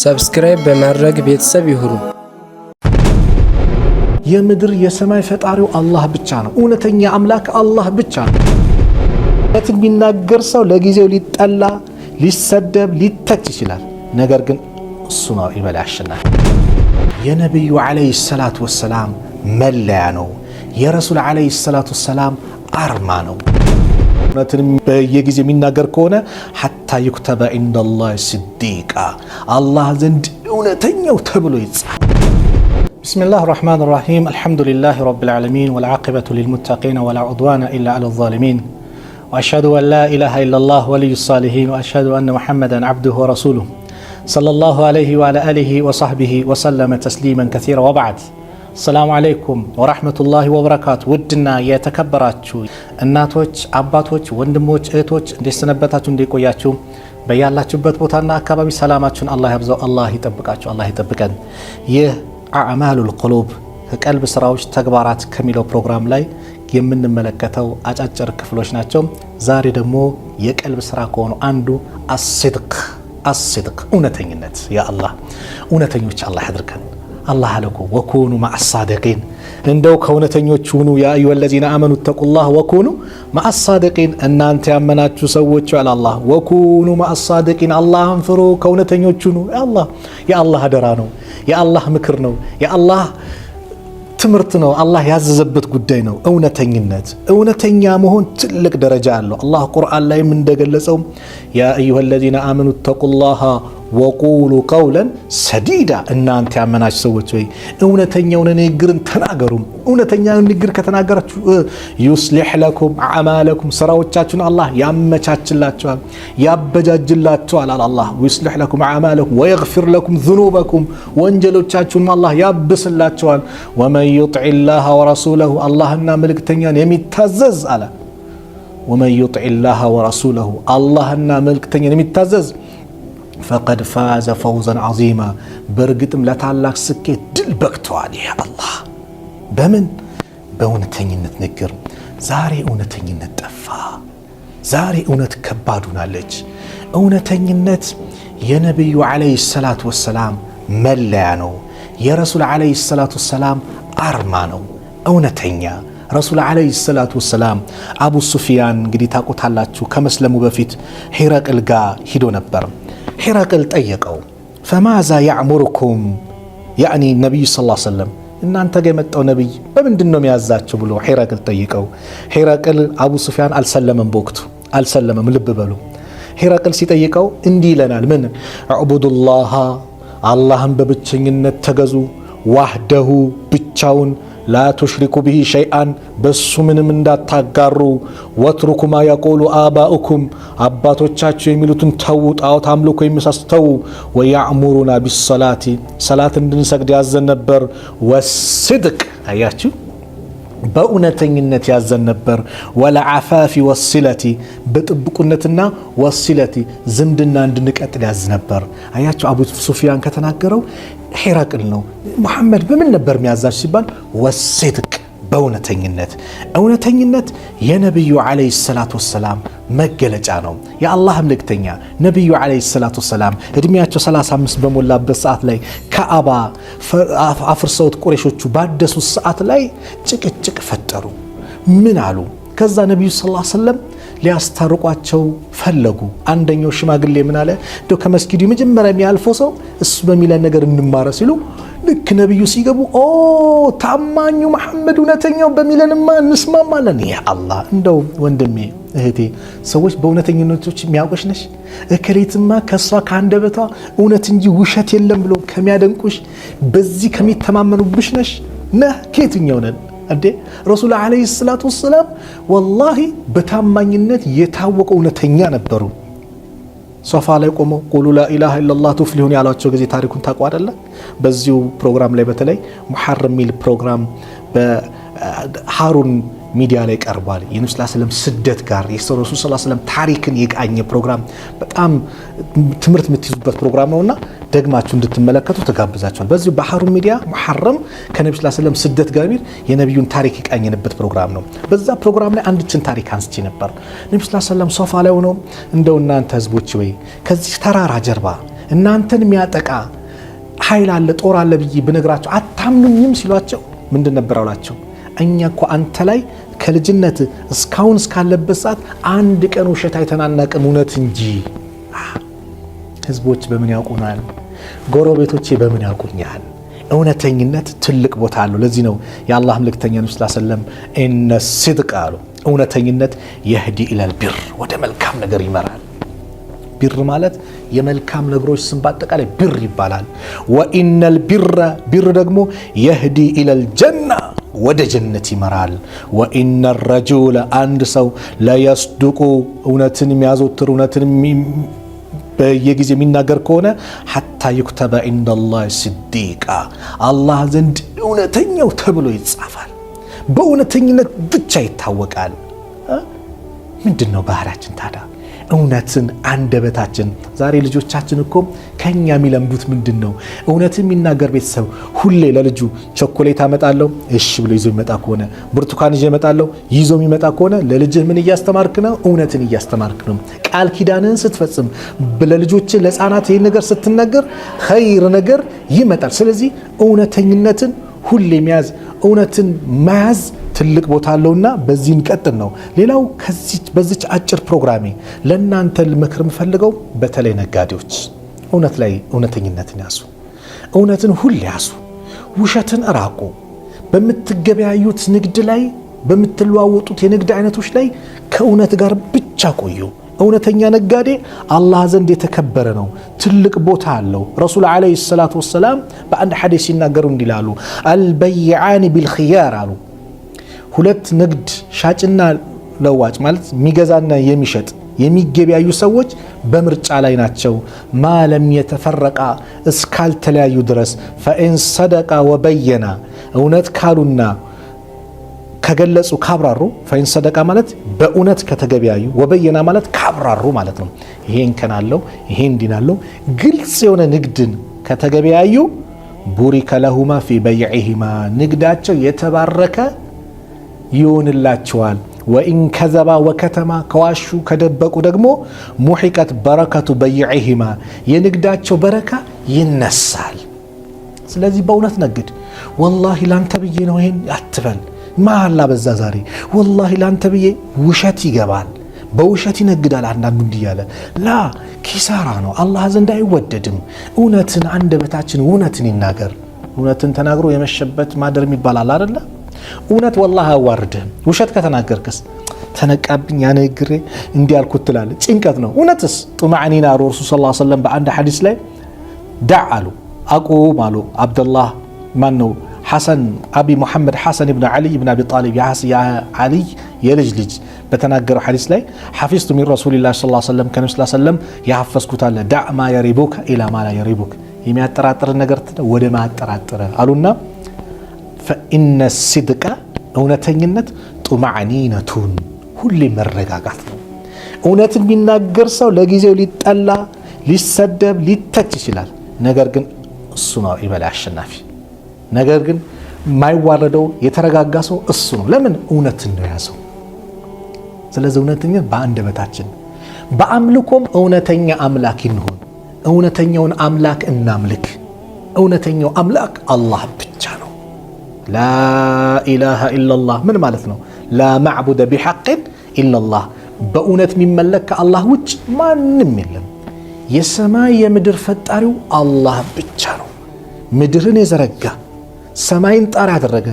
ሰብስክራይብ በማድረግ ቤተሰብ ይሁኑ። የምድር የሰማይ ፈጣሪው አላህ ብቻ ነው። እውነተኛ አምላክ አላህ ብቻ ነው። እውነት የሚናገር ሰው ለጊዜው ሊጠላ፣ ሊሰደብ፣ ሊተች ይችላል። ነገር ግን እሱ ነው ይበል ያሸናል። የነቢዩ ዓለይሂ ሰላት ወሰላም መለያ ነው። የረሱል ዓለይሂ ሰላት ወሰላም አርማ ነው። እውነትንም በየጊዜ የሚናገር ከሆነ ሐታ ዩክተበ ኢንደላህ ስዲቃ አላህ ዘንድ እውነተኛው ተብሎ ይጻፋል። بسم الله الرحمن الرحيم الحمد لله رب العالمين والعاقبة للمتقين ولا عدوان إلا على الظالمين وأشهد أن لا إله إلا الله ولي الصالحين وأشهد أن محمدا عبده ورسوله صلى الله عليه وعلى آله وصحبه وسلم تسليما كثيرا وبعد አሰላሙ አለይኩም ወራህመቱላሂ ወበረካቱ። ውድና የተከበራችሁ እናቶች፣ አባቶች፣ ወንድሞች፣ እህቶች እንዴት ሰነበታችሁ? እንደቆያችሁ በያላችሁበት ቦታና አካባቢ ሰላማችሁን አላህ ያብዛው፣ አላህ ይጠብቃችሁ፣ አላህ ይጠብቀን። ይህ አዕማሉል ቁሉብ ከቀልብ ስራዎች ተግባራት ከሚለው ፕሮግራም ላይ የምንመለከተው አጫጭር ክፍሎች ናቸው። ዛሬ ደግሞ የቀልብ ስራ ከሆኑ አንዱ አስድቅ አስድቅ እውነተኝነት፣ ያ አላህ እውነተኞች አላህ ያድርገን። አላህ አለ እኮ ወኩኑ ማአሳደቂን እንደው ከእውነተኞች ሁኑ ያ አዩሃ ለዚነ አመኑ ተቁላህ ወኩኑ ማአሳደቂን እናንተ ያመናችሁ ሰዎች አለ አላህ ወኩኑ ማአሳደቂን አላህን ፍሩ ከእውነተኞች ሁኑ አላህ የአላህ አደራ ነው የአላህ ምክር ነው የአላህ ትምህርት ነው አላህ ያዘዘበት ጉዳይ ነው እውነተኝነት እውነተኛ መሆን ትልቅ ደረጃ አለው አላህ ቁርአን ላይም እንደገለጸው ያ አዩሃ ለዚነ አመኑ ተቁላህ ወቁሉ ቀውለን ሰዲዳ እናንተ ያመናችሁ ሰዎች ወይ እውነተኛውን ንግግርን ተናገሩም። እውነተኛ ንግግር ከተናገራችሁ ዩስሊሕ ለኩም አዕማለኩም ስራዎቻችሁን አላህ ያመቻችላችኋል፣ ያበጃጅላችኋል። አላህ ዩስሊሕ ለኩም አዕማለኩም ወየግፊር ለኩም ዝኑበኩም ወንጀሎቻችሁንም አላህ ያብስላችኋል። ወመን ዩጥዕ ላህ ወረሱለሁ አላህና መልእክተኛን የሚታዘዝ አለ። ወመን ዩጥዕ ላህ ወረሱለሁ አላህና መልእክተኛን የሚታዘዝ ፈቀድ ፋዘ ፈውዘን ዓዚማ በእርግጥም ለታላቅ ስኬት ድል በቅተዋል። ይሄ አላህ በምን በእውነተኝነት ንግር። ዛሬ እውነተኝነት ጠፋ። ዛሬ እውነት ከባድ ሆናለች። እውነተኝነት የነቢዩ ዓለይሂ ሰላቱ ወሰላም መለያ ነው። የረሱል ዓለይሂ ሰላቱ ወሰላም አርማ ነው። እውነተኛ ረሱል ዓለይሂ ሰላቱ ወሰላም አቡ ሱፊያን እንግዲህ ታቆታላችሁ ከመስለሙ በፊት ሂረቅል ጋ ሂዶ ነበር። ሒራቅል ጠየቀው ፈማዛ ያዕሙርኩም ያኒ ነቢዩ ሰለላሁ ዐለይሂ ወሰለም እናንተ ጋ የመጣው ነቢይ በምንድን ነው የሚያዛችሁ ብሎ ሒራቅል ጠይቀው። ሒራቅል አቡ ሱፊያን አልሰለመም፣ በወቅቱ አልሰለመም። ልብ በሉ ሒራቅል ሲጠይቀው እንዲህ ይለናል። ምን ዕቡዱላሃ አላህን በብቸኝነት ተገዙ፣ ዋህደሁ ብቻውን ላ ቱሽሪኩ ብሂ ሸይአን በሱ ምንም እንዳታጋሩ። ወትሩኩማ ያቆሉ አባኡኩም አባቶቻቸው የሚሉትን ተዉ፣ ጣዖት አምልኮ የሚሳስተው ወያዕሙሩና ቢሰላቲ ሰላት እንድንሰግድ ያዘን ነበር። ወስድቅ አያችሁ በእውነተኝነት ያዘን ነበር። ወለዓፋፊ ወሲለቲ በጥብቁነትና ወሲለቲ ዝምድና እንድንቀጥል ያዝ ነበር። አያቸው አቡ ሱፊያን ከተናገረው ሄራቅል ነው። ሙሐመድ በምን ነበር የሚያዛች ሲባል ወሲድቅ በእውነተኝነት እውነተኝነት የነቢዩ ዓለይሂ ሰላት ወሰላም መገለጫ ነው። የአላህ መልእክተኛ ነቢዩ ዓለይሂ ሰላት ወሰላም እድሜያቸው 35 በሞላበት ሰዓት ላይ ከአባ አፍርሰውት ቁሬሾቹ ባደሱት ሰዓት ላይ ጭቅጭቅ ፈጠሩ። ምን አሉ? ከዛ ነቢዩ ስ ዐለይሂ ሊያስታርቋቸው ፈለጉ። አንደኛው ሽማግሌ ምን አለ? እንደው ከመስጊዱ መጀመሪያ የሚያልፈው ሰው እሱ በሚለን ነገር እንማረ ሲሉ ልክ ነቢዩ ሲገቡ ኦ ታማኙ መሐመድ እውነተኛው በሚለንማ እንስማማለን። ይህ አላህ እንደው ወንድሜ እህቴ ሰዎች በእውነተኝነቶች የሚያውቁሽ ነሽ። እከሌትማ ከእሷ ከአንደበቷ እውነት እንጂ ውሸት የለም ብሎ ከሚያደንቁሽ በዚህ ከሚተማመኑብሽ ነሽ ነህ። ከየትኛው ነን እንዴ? ረሱል ዓለይሂ ሰላቱ ወሰላም ወላሂ በታማኝነት የታወቀ እውነተኛ ነበሩ። ሶፋ ላይ ቆመው ቁሉ ላኢላሃ ኢለላህ ቱፍሊሁን ያሏቸው ጊዜ ታሪኩን ታውቁ አይደለ? በዚሁ ፕሮግራም ላይ በተለይ ሙሐር ሚል ፕሮግራም በሃሩን ሚዲያ ላይ ቀርቧል። የነብስ ስለም ስደት ጋር የረሱል ስለም ታሪክን የቃኘ ፕሮግራም በጣም ትምህርት የምትይዙበት ፕሮግራም ነውና ደግማችሁ እንድትመለከቱ ተጋብዛችኋል። በዚሁ በሀሩን ሚዲያ ሙሐረም ከነቢ ስላ ስለም ስደት ጋር የነቢዩን ታሪክ ይቃኝንበት ፕሮግራም ነው። በዛ ፕሮግራም ላይ አንድችን ታሪክ አንስቼ ነበር። ነቢ ስላ ስለም ሶፋ ላይ ሆነው እንደው እናንተ ህዝቦች ወይ ከዚህ ተራራ ጀርባ እናንተን የሚያጠቃ ኃይል አለ ጦር አለ ብዬ ብነግራቸው አታምኑኝም ሲሏቸው ምንድን ነበር አውላቸው እኛ እኮ አንተ ላይ ከልጅነት እስካሁን እስካለበት ሰዓት አንድ ቀን ውሸት አይተናናቅም እውነት እንጂ። ህዝቦች በምን ያውቁናል? ጎረቤቶቼ በምን ያውቁኛል? እውነተኝነት ትልቅ ቦታ አለው። ለዚህ ነው የአላህ ምልክተኛ ነብዩ ሰለላሁ ዐለይሂ ሲድቅ አሉ፣ እውነተኝነት የህዲ ኢለል ቢር፣ ወደ መልካም ነገር ይመራል። ቢር ማለት የመልካም ነገሮች ስም በአጠቃላይ ቢር ይባላል። ወኢነል ቢረ ቢር ደግሞ የህዲ ኢለል ጀና ወደ ጀነት ይመራል። ወኢነ ረጁለ አንድ ሰው ለየስዱቁ እውነትን የሚያዘወትር እውነትን በየጊዜ የሚናገር ከሆነ ሐታ ዩክተበ ኢንደላህ ስዲቃ አላህ ዘንድ እውነተኛው ተብሎ ይጻፋል። በእውነተኝነት ብቻ ይታወቃል። ምንድን ነው ባህሪያችን ታዲያ? እውነትን አንደበታችን። ዛሬ ልጆቻችን እኮ ከኛ የሚለምዱት ምንድን ነው? እውነትን የሚናገር ቤተሰብ ሁሌ ለልጁ ቸኮሌት አመጣለሁ፣ እሺ ብሎ ይዞ ይመጣ ከሆነ ብርቱካን ይዤ እመጣለሁ፣ ይዞ የሚመጣ ከሆነ ለልጅህ ምን እያስተማርክ ነው? እውነትን እያስተማርክ ነው። ቃል ኪዳንህን ስትፈጽም ለልጆች ለህጻናት ይህን ነገር ስትናገር ኸይር ነገር ይመጣል። ስለዚህ እውነተኝነትን ሁሌ መያዝ፣ እውነትን መያዝ ትልቅ ቦታ አለውና በዚህ እንቀጥል ነው። ሌላው በዚች አጭር ፕሮግራሜ ለእናንተ ልመክር የምፈልገው በተለይ ነጋዴዎች እውነት ላይ እውነተኝነትን ያሱ፣ እውነትን ሁል ያሱ፣ ውሸትን እራቁ። በምትገበያዩት ንግድ ላይ በምትለዋወጡት የንግድ አይነቶች ላይ ከእውነት ጋር ብቻ ቆዩ። እውነተኛ ነጋዴ አላህ ዘንድ የተከበረ ነው፣ ትልቅ ቦታ አለው። ረሱል ዓለይሂ ሰላቱ ወሰላም በአንድ ሐዲስ ሲናገሩ እንዲላሉ አልበይዓኒ ቢልክያር አሉ ሁለት ንግድ ሻጭና ለዋጭ ማለት የሚገዛና የሚሸጥ የሚገበያዩ ሰዎች በምርጫ ላይ ናቸው። ማለም የተፈረቃ እስካልተለያዩ ድረስ ፈኢን ሰደቃ ወበየና እውነት ካሉና ከገለጹ ካብራሩ፣ ፈኢን ሰደቃ ማለት በእውነት ከተገበያዩ፣ ወበየና ማለት ካብራሩ ማለት ነው። ይሄ እንከን አለው፣ ይሄ እንዲን አለው። ግልጽ የሆነ ንግድን ከተገበያዩ ቡሪከ ለሁማ ፊ በይዒሂማ ንግዳቸው የተባረከ ይሆንላቸዋል። ወኢን ከዘባ ወከተማ ከዋሹ ከደበቁ ደግሞ ሙሒቀት በረከቱ በይዒሂማ የንግዳቸው በረካ ይነሳል። ስለዚህ በእውነት ነግድ። ወላሂ ላንተ ብዬ ነው ይሄን አትበል። መሀላ በዛ ዛሬ ወላሂ ላንተ ብዬ ውሸት ይገባል። በውሸት ይነግዳል። አንዳንዱ እንዲህ ያለ ላ ኪሳራ ነው፣ አላህ ዘንድ አይወደድም። እውነትን አንደበታችን እውነትን ይናገር። እውነትን ተናግሮ የመሸበት ማደር የሚባል አለ አደለ እውነት ወላህ አያዋርድህም። ውሸት ከተናገርክስ ተነቃብኝ ያነግሬ እንዲያልኩት ትላለህ። ጭንቀት ነው። እውነትስ ጡማዕኒና ረሱል ስ ሰለም በአንድ ሐዲስ ላይ ዳዕ አሉ አቁም አሉ አብደላህ ማን ነው ሐሰን አቢ ሙሐመድ ሐሰን ብን ዓሊይ ብን አቢ ጣሊብ የዓሊይ የልጅ ልጅ በተናገረው ሐዲስ ላይ ሐፊዝቱ ሚን ረሱሊላህ ሰለላሁ ዐለይሂ ወሰለም ከነብዩ ሰለላሁ ዐለይሂ ዳዕ ማ የሪቡከ ኢላ ማ ላ የሪቡክ የሚያጠራጥር ነገር ወደ ማያጠራጥረ አሉና ፈኢነ ሲድቀ እውነተኝነት ጡማዕኒነቱን ሁሌ መረጋጋት ነው። እውነት የሚናገር ሰው ለጊዜው ሊጠላ፣ ሊሰደብ፣ ሊተች ይችላል። ነገር ግን እሱ ነው የበላይ አሸናፊ። ነገር ግን የማይዋረደው የተረጋጋ ሰው እሱ ነው። ለምን? እውነትን ነው የያዘው። ስለዚህ እውነተኝነት በአንደበታችን፣ በአምልኮም እውነተኛ አምላክ እንሆን። እውነተኛውን አምላክ እናምልክ። እውነተኛው አምላክ አላህ ብቻ ነው። ላኢላሃ ኢላላህ ምን ማለት ነው? ላማዕቡደ ማዕቡደ ቢሐቅን ኢላላህ በእውነት የሚመለክ ከአላህ ውጭ ማንም የለም። የሰማይ የምድር ፈጣሪው አላህ ብቻ ነው። ምድርን የዘረጋ ሰማይን ጣር ያደረገ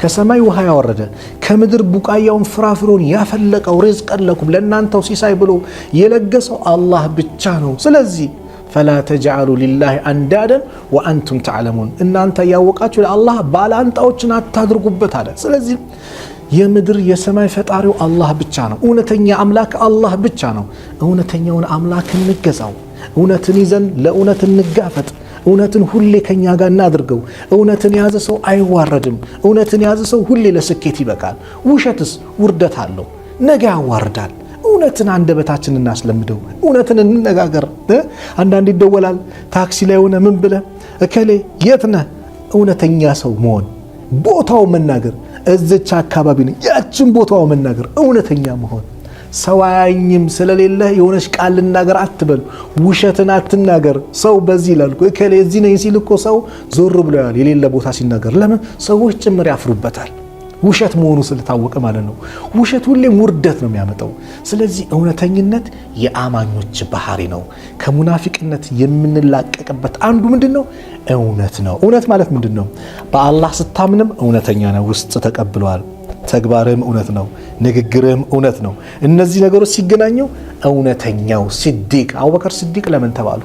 ከሰማይ ውሃ ያወረደ ከምድር ቡቃያውን ፍራፍሬውን ያፈለቀው ርዝቀን ለኩም ለእናንተው ሲሳይ ብሎ የለገሰው አላህ ብቻ ነው። ስለዚህ ፈላ ተጅዓሉ ሊላህ አንዳደን ወአንቱም ተዕለሙን እናንተ እያወቃችሁ ለአላህ ባላንጣዎችን አታድርጉበት አለ። ስለዚህ የምድር የሰማይ ፈጣሪው አላህ ብቻ ነው። እውነተኛ አምላክ አላህ ብቻ ነው። እውነተኛውን አምላክ እንገዛው። እውነትን ይዘን ለእውነት እንጋፈጥ። እውነትን ሁሌ ከኛ ጋር እናድርገው። እውነትን የያዘ ሰው አይዋረድም። እውነትን የያዘ ሰው ሁሌ ለስኬት ይበቃል። ውሸትስ ውርደት አለው፣ ነገ ያዋርዳል። እውነትን አንደበታችን እናስለምደው፣ እውነትን እንነጋገር። አንዳንድ ይደወላል ታክሲ ላይ ሆነ ምን ብለ እከሌ የት ነህ? እውነተኛ ሰው መሆን ቦታው መናገር፣ እዝች አካባቢ ነኝ ያችን ቦታው መናገር፣ እውነተኛ መሆን ሰው አያኝም ስለሌለ የሆነች ቃል ልናገር አትበል፣ ውሸትን አትናገር። ሰው በዚህ ይላል እከሌ እዚህ ነኝ ሲል እኮ ሰው ዞር ብሎ ያል የሌለ ቦታ ሲናገር ለምን ሰዎች ጭምር ያፍሩበታል። ውሸት መሆኑ ስለታወቀ ማለት ነው። ውሸት ሁሌም ውርደት ነው የሚያመጣው። ስለዚህ እውነተኝነት የአማኞች ባህሪ ነው። ከሙናፊቅነት የምንላቀቅበት አንዱ ምንድን ነው? እውነት ነው። እውነት ማለት ምንድን ነው? በአላህ ስታምንም እውነተኛ ነው፣ ውስጥ ተቀብለዋል። ተግባርህም እውነት ነው፣ ንግግርህም እውነት ነው። እነዚህ ነገሮች ሲገናኘው እውነተኛው ሲዲቅ አቡበከር ሲዲቅ ለምን ተባሉ?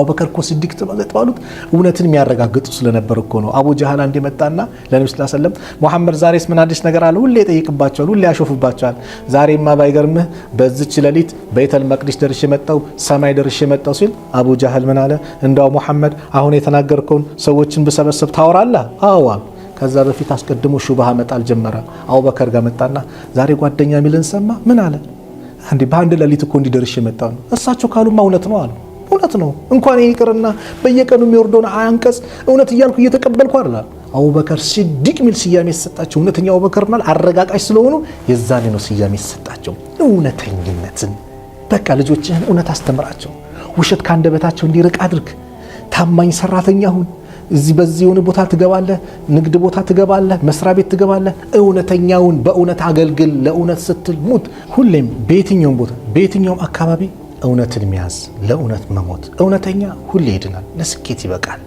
አቡበከር እኮ ሲዲቅ ባሉት እውነትን የሚያረጋግጡ ስለነበር እኮ ነው። አቡ ጃህል አንድ መጣና ለነቢ ስ ሰለም ሙሐመድ ዛሬስ ምን አዲስ ነገር አለ? ሁሌ ይጠይቅባቸዋል፣ ሁሌ ያሾፍባቸዋል። ዛሬማ ባይገርምህ በዚች ሌሊት ቤተል መቅዲስ ደርሼ መጣሁ፣ ሰማይ ደርሽ መጣው ሲል አቡ ጃህል ምን አለ? እንዳው ሙሐመድ አሁን የተናገርከውን ሰዎችን ብሰበሰብ ታወራለህ? አዋ ከዛ በፊት አስቀድሞ ሹባሃ መጣል ጀመረ። አቡበከር ጋር መጣና ዛሬ ጓደኛ የሚልን ሰማ ምን አለ? በአንድ ሌሊት እኮ እንዲደርሽ የመጣ ነው። እሳቸው ካሉማ እውነት ነው አሉ። እውነት ነው። እንኳን ይቅርና በየቀኑ የሚወርደውን አንቀጽ እውነት እያልኩ እየተቀበልኩ አለ አቡበከር ሲዲቅ ሚል ስያሜ የተሰጣቸው እውነተኛ አቡበከር ናል አረጋቃሽ ስለሆኑ የዛኔ ነው ስያሜ የተሰጣቸው። እውነተኝነትን በቃ ልጆችህን እውነት አስተምራቸው። ውሸት ከአንደበታቸው እንዲርቅ አድርግ። ታማኝ ሰራተኛ ሁን። እዚህ በዚህ የሆነ ቦታ ትገባለህ፣ ንግድ ቦታ ትገባለህ፣ መስሪያ ቤት ትገባለህ። እውነተኛውን በእውነት አገልግል። ለእውነት ስትል ሙት። ሁሌም በየትኛውም ቦታ በየትኛውም አካባቢ እውነትን መያዝ፣ ለእውነት መሞት። እውነተኛ ሁሌ ይድናል፣ ለስኬት ይበቃል።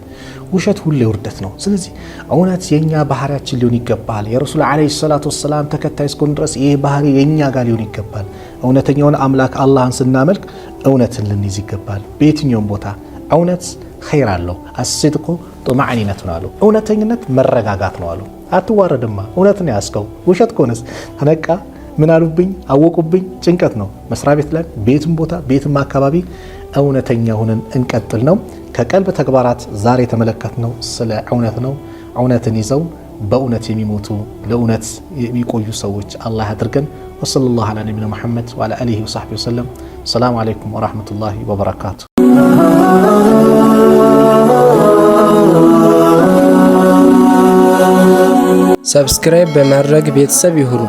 ውሸት ሁሌ ውርደት ነው። ስለዚህ እውነት የእኛ ባህሪያችን ሊሆን ይገባል። የረሱል ዓለይሂ ሰላቱ ወሰላም ተከታይ እስኮን ድረስ ይህ ባህሪ የእኛ ጋር ሊሆን ይገባል። እውነተኛውን አምላክ አላህን ስናመልክ እውነትን ልንይዝ ይገባል። በየትኛውም ቦታ እውነት ኸይር አለው። አስድቁ ጡማዕኒነት ነው አሉ። እውነተኝነት መረጋጋት ነው አሉ። አትዋረድማ፣ እውነትን ያስከው ውሸት ከሆነስ ተነቃ ምን አሉብኝ፣ አወቁብኝ። ጭንቀት ነው። መስሪያ ቤት ላይ፣ ቤትም ቦታ፣ ቤትም አካባቢ እውነተኛ ሆነን እንቀጥል ነው። ከቀልብ ተግባራት ዛሬ የተመለከትነው ስለ እውነት ነው። እውነትን ይዘው በእውነት የሚሞቱ ለእውነት የሚቆዩ ሰዎች አላህ አድርገን። ወሰለላሁ ዐላ ነቢና ሙሐመድ ወዐላ አሊሂ ወሰሕቢሂ ወሰለም። ሰላሙ አለይኩም ወረሕመቱላሂ ወበረካቱ። ሰብስክራይብ በማድረግ ቤተሰብ ይሁኑ።